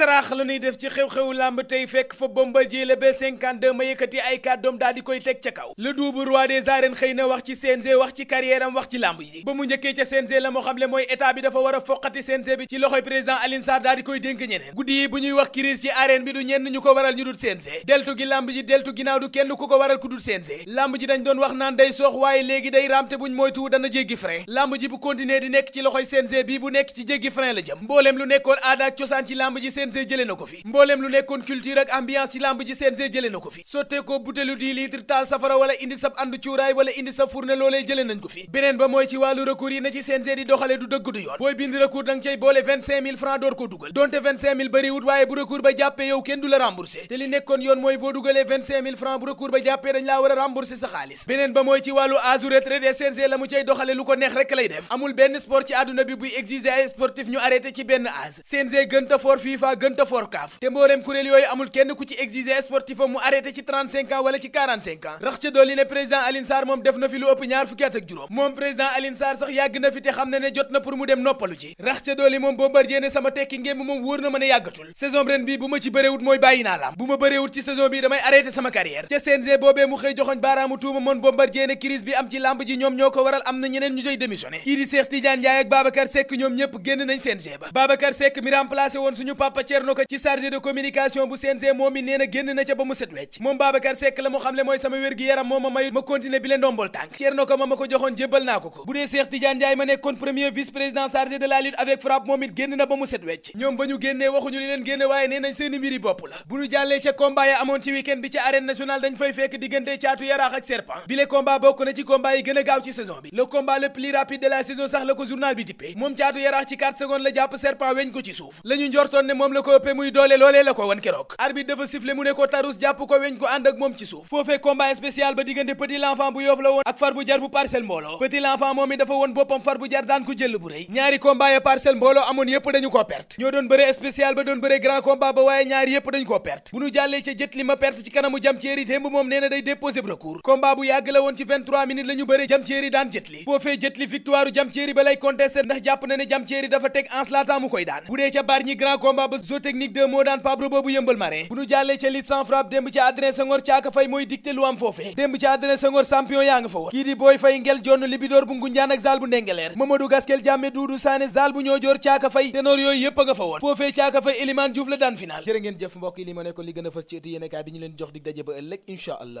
saraax la ñuy def ci xew-xewu làmb tey fekk fa Bombardier le B52 ma yëkkati ay kàddoom daal di koy teg ca kaw le double roi des arènes xëy na wax ci CNG wax ci carrière am wax ci làmb yi ba mu njëkkee ca CNG la moo xam le mooy état bi dafa war a foqati CNG bi ci loxoy président Alioune Sarr daal di koy dénk ñeneen guddi yi bu ñuy wax crise ci arène bi du ñenn ñu ko waral ñu dul CNG deltu gi làmb ji deltu ginnaaw du kenn ku ko waral ku dul CNG làmb ji doon wax naan day soox waaye day ramte buñ moytu dana jéggi frein làmb ji bu ci loxoy CNG bi bu nekk ci jéggi frein la lu nekkoon aada ak cosaan ci làmb ji CNG jëlee na ko fi mbooleem lu nekkoon culture ak ambiance ci lamb ji CNG jëlee na ko fi sottee ko butelu 10 litre taal safara wala indi sab ànd cuuraay wala indi sab fourne loolee jëlee nañ ko fi beneen ba mooy ci wàllu recours yi na ci CNG di doxale du dëgg du yoon booy bind recours danga cay boole 25 000 francs door ko dugal donte 25 000 bëriwut waaye bu recours ba jàppee yow kenn du la remboursé te li nekkoon yoon mooy boo dugalee 25 combat gënta for te mbooleem kuréel yooyu amul kenn ku ci exiger sportif mu arrêté ci 35 ans wala ci 45 ans rax ca dolli ne président Alioune moom def na fi lu ëpp ñaar fukki at ak juróom moom président Alioune sax yàgg na fi te xam na ne jot na pour mu dem noppalu ci rax ca dolli moom Bombardier ne sama tekki ngémb moom wóor na ma ne yàggatul saison ren bii bu ma ci bëréewut mooy bàyyi naa lam bu ma bëréewut ci saison bi am Papa Thierno Ka ci chargé de communication bu CNG moom mi nee génn na ca ba mu set wecc moom Babacar Seck la mu xam le mooy sama wér-gi-yaram moo ma mayut ma continuer bi leen ndombol tànk Thierno Ka ma ma ko joxoon jébbal naa ko ko bu dee Cheikh Tidiane Ndiaye ma nekkoon premier vice président chargé de la lutte avec frappe moom it génn na ba mu set wecc ñoom ba ñu génnee waxuñu li leen génne waaye nee seeni mbiri bopp la bu ñu jàllee ca combat yi a moom la ko ëppe muy doole loolee la ko wan keroog arbitre dafa sifflé mu ne ko tarus jàpp ko weñ ko ànd ak moom ci suuf foofee combat spécial ba diggante petit l'enfant bu yoof la woon ak far bu jar bu parcelle mbooloo petit l'enfant moom i dafa woon boppam far bu jar daan ko jël bu rëy ñaari combat ya parcelle mbooloo amoon yépp dañu ko perte ñoo doon bëre spécial ba doon bëre grand combat ba waaye ñaari yépp dañu ko perte bu ñu jàllee ca jët li ma perte ci kanamu 14 technique 2 moo daan pabre boobu yëmbal marin bu nu jàllee ca lit sans frappe démb ci Adrien Senghor caaka fay mooy dicté lu am foofee démb ci Adrien Senghor champion yaa nga fa woon kii di booy fay ngel jonn libidoor bu ngunjaan ak zaal bu ndengeleer Mamadou Gaskel jàmme duudu saane zaal bu ñoo joor caaka fay ténor yooyu yëpp a nga fa woon foofee caaka fay Elimane Diouf la daan final jërë ngeen jëf mbokk yi li ma nekkoon ci ëtt